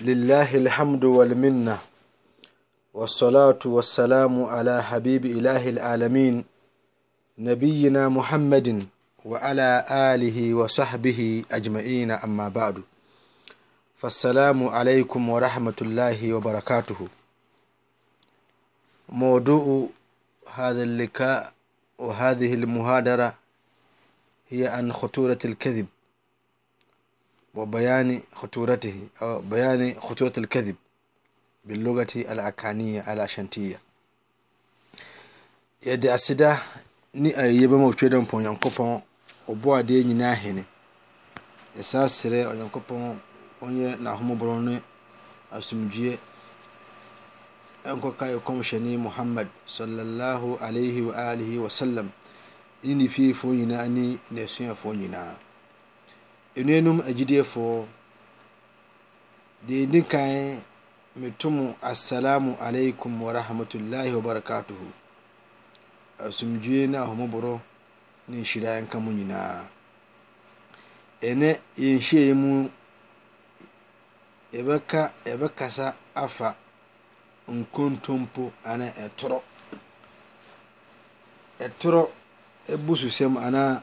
لله الحمد والمنة والصلاة والسلام على حبيب إله العالمين نبينا محمد وعلى آله وصحبه أجمعين أما بعد فالسلام عليكم ورحمة الله وبركاته موضوع هذا اللقاء وهذه المهادرة هي عن خطورة الكذب وبيان خطورته أو بيان خطورة الكذب باللغة الأكانية الأشنتية yɛde aseda ne ayɛyɛ bɛma otwa dɛ mpɔ onyankopɔn ɔbɔ adeɛ nyinaa hene yɛsa serɛ onyankopɔn ɔnyɛ n'ahomɔborɔ ne asomdwie ɛnkɔka ɛkɔmhyɛne muhammad sallallahu alaihi wa alihi wasallam ne ne fiefoɔ nyinaa ne n'asuafoɔ nyinaa Anuanom agyidiefoɔ deɛ ɛdi kan meto mo assalamu alaikum warahmatullahi wabarakatuhu. Asomdwoeɛ ne ahomoborɔ ne nhyira nka mu nyinaa. ɛnɛ yɛn mu, yɛbɛka yɛbɛkasa afa nkontompo ana ɛtorɔ. Ɛtorɔ susɛm anaa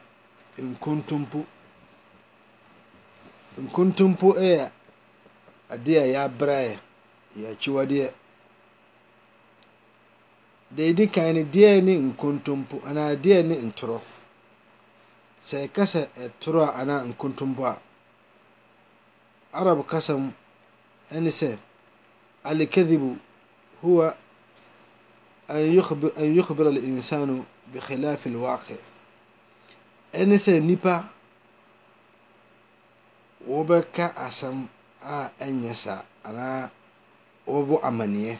nkontompo. n kuntum po ɛya a deɛ yɛabrɛɛ yɛakyiwadeɛ deɛ yɛdi kan no deɛ ne nkontompo anaa deɛ ne ntorɔ sɛ yɛka sɛ ɛtorɔ a anaa nkontompo a arab kasa mu ɛne sɛ alkadhibu huwa an yukhbira alinsanu bikhilafi alwaqi ɛne sɛ nipa wobɛka asɛm a ɛnyɛ saa anaa wobɛbɔ amanneɛ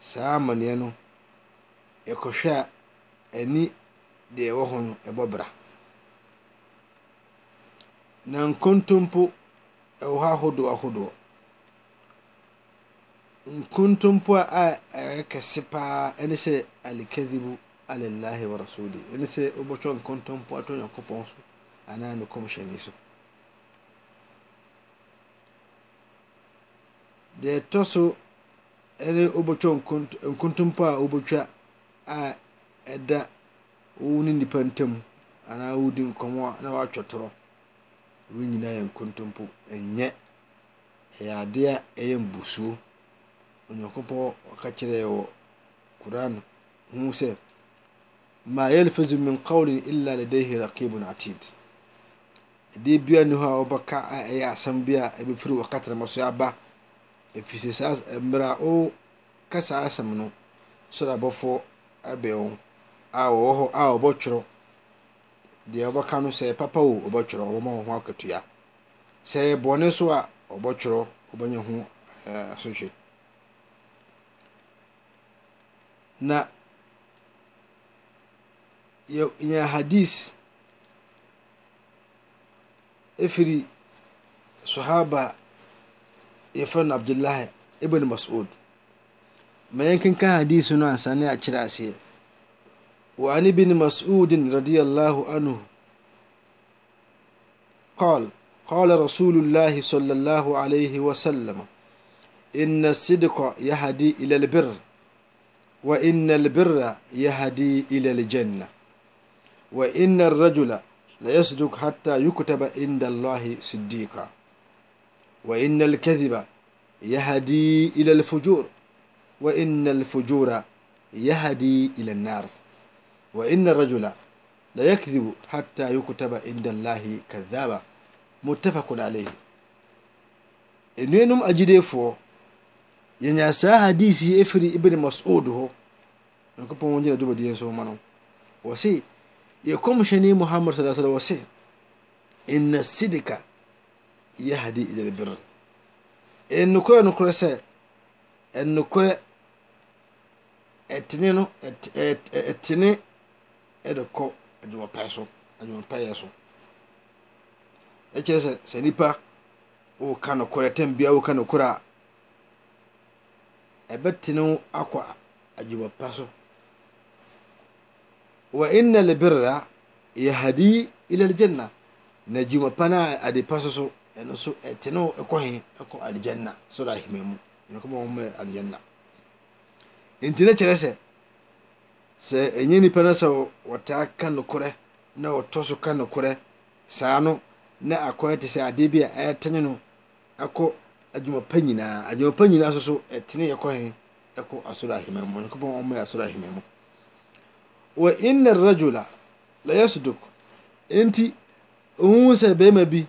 saa amanneɛ no yɛkɔhwɛ a ani deɛ ɛwɔ ho no ɔbɔ bra na nkontompo wɔ hɔ ahodoɔahodoɔ nkontompo a a ɛɛkɛse paa ne sɛ alkadhibu alalahi wa rasuli ne sɛ wobɔtwa nkontompo ato nyankopɔn so anaa no comhyɛni so deɛ ɛtɔ so ne wobɛtwa nkontompo a wobɛtwa a ɛda wo ne nipa ntam anaa wodi nkɔmmɔ na woatwɔ torɔ wo nyinaa yɛ nkontompo ɛnyɛ ɛyɛ adeɛ a ɛyɛ mbusuo onyankopɔn ɔka kyerɛ wɔ kuran ho sɛ ma yalfazu min qawlin illa ladayhi raqibun atid ɛdeɛ bia ni hɔ a wobɛka a ɛyɛ asɛm bi a ɛbɛfiri wɔ katrama so aba ra kɛ saasɛm no sorabɔfɔ ab wɔ ɔ ɔbɔtrɛ deɛ wɔbɛkano sɛɛpapa o ɔbɔrɛ ɔaho katua sɛɛbɔne so a ɔbɔtrɛ ɔbɛya hosohwe eh, a yɛ hadise ɛfir sohaba يفرن عبد الله ابن مسعود ما يمكن كان حديث ناس أنا وعن ابن مسعود رضي الله عنه قال قال رسول الله صلى الله عليه وسلم إن الصدق يهدي إلى البر وإن البر يهدي إلى الجنة وإن الرجل ليصدق حتى يكتب عند الله صديقا wa inna alkadiba ya ila alfujur wa alfujura ya hadi ila nar wa rajula da ya hatta yi ku taba inda lahi ka zaba mu tafa ku dalai inu yi nun ajide fo ya nya hadisi ya firi ibini masu odu ho na kufa wani jina duba diyan sun manu wasi ya sidika yahadi albir nkorɛnkorɛ sɛ ɛnokorɛ tini dokɔ ma payɛso ɛcyrɛsɛ senipa wo kakr tbia wo kakrɛa ɛbe tine akɔ aguma paso wa ina lbirra ya hadi ilalgana naguma pana adepasoso ɛno nso ɛtene ɛkɔ he ɛkɔ alijanna sɔrɔ ahima mu nyɔnkɔmɔ wɔn mɛ alijanna nti ne kyerɛ sɛ sɛ ɛnyɛ nipa no sɛ wɔtaa ka nokorɛ na wɔtɔ so ka nokorɛ saa no na akɔɛ te sɛ adeɛ bi a ɛɛtene no ɛkɔ adwuma pa nyinaa adwuma pa nyinaa nso so ɛtene ɛkɔ he ɛkɔ asɔrɔ ahima mu nyɔnkɔmɔ wɔn mɛ asɔrɔ ahima mu wɔ inna rajula la yasuduk nti ohun sɛ bɛrima bi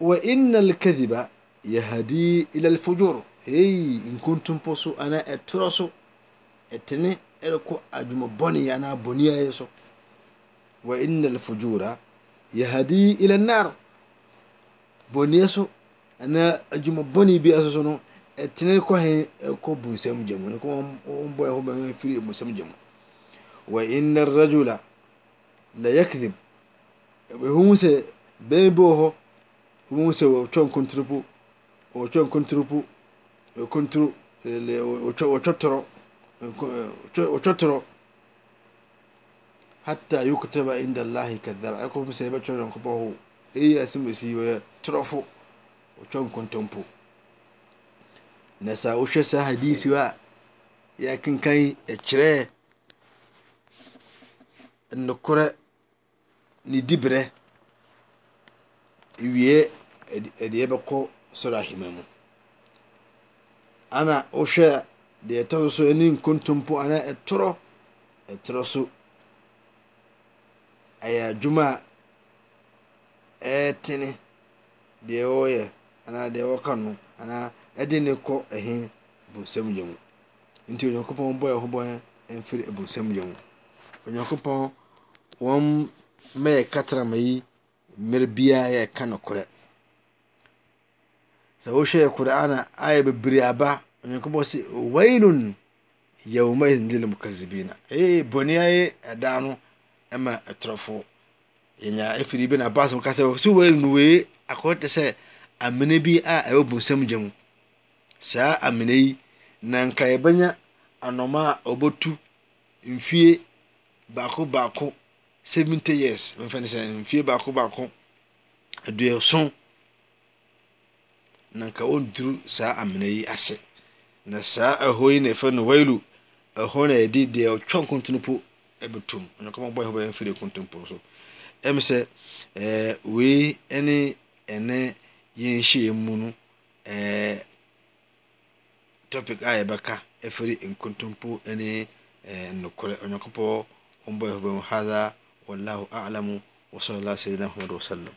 وإن الكذب يهدي إلى الفجور hey in kuntum po so anaa ɛtorɔ so ɛtene ɛrekɔ adwumabɔne anaa bɔneayɛ so wa inna alfujura yahadi ila nnar bɔneɛ so anaa adwumabɔne bi ɛso so no ɛtene kɔ he ɛkɔ bunsam gya mu nkɔmbɔ ɛhɔ bɛma firi bunsam gya mu wa inna arrajula la yakdhib ɛhu sɛ bɛn bi wɔ hɔ stc tɔrɔ hata uktaba inda llahi caabs ass trɔ c nkotomp nasa ohɛ sa hadise wa ya kenkai cherɛ nekore ne dibre wia ɛde yɛbɛkɔ sɔrɔ ahema mu ana wohwɛ deɛ ɛtɔ so ne nkontompo anaa ɛtorɔ ɛtorɔ so ɛyɛ adwuma a ɛɛtene deɛ wɔyɛ anaa deɛ wɔka no anaa ɛde ne kɔ ɛhe bonsam gya mu nti onyankopɔn bɔ ɛho bɔn mfiri bonsam gya mu onyankopɔn wɔn mma yɛ yi mmerɛ biara yɛka nokorɛ sɛ wohwɛ qur'ana ayɛ bebree aba onyankopɔn sɛ wailun yawmaidin lilmukazibina ɛyɛ bɔne ayɛ ɛda no ma ɛtorɔfo yɛnya ɛfiri bi na bas mu ka sɛ sɛ wailun wei akɔte sɛ amena bi a ɛwɔ bonsam gya mu saa amena yi na nka yɛbɛnya anɔma a ɔbɛtu mfie baako baako seventy years mfɛn sɛ mfie baako baako aduason na nka ɔnturu saa amena yi ase na saa ɛhɔ yi na ɛfɛ no wailu ɛhɔ na yɛde deɛ ɔtwa nkontompo ɛbɛtom ɔnyankopɔn bɔ ɛhɔ bɛyɛ mfiri nkontompo so ɛm sɛ ɛɛ wei ɛne ɛnɛ yɛn hyia mu no ɛɛ topic a yɛbɛka ɛfiri nkontompo ɛne ɛɛ nnokorɛ ɔnyankopɔn ɔmbɔ ɛhɔ bɛyɛ mu hadha wallahu a'lamu wa sallallahu alaihi wa sallam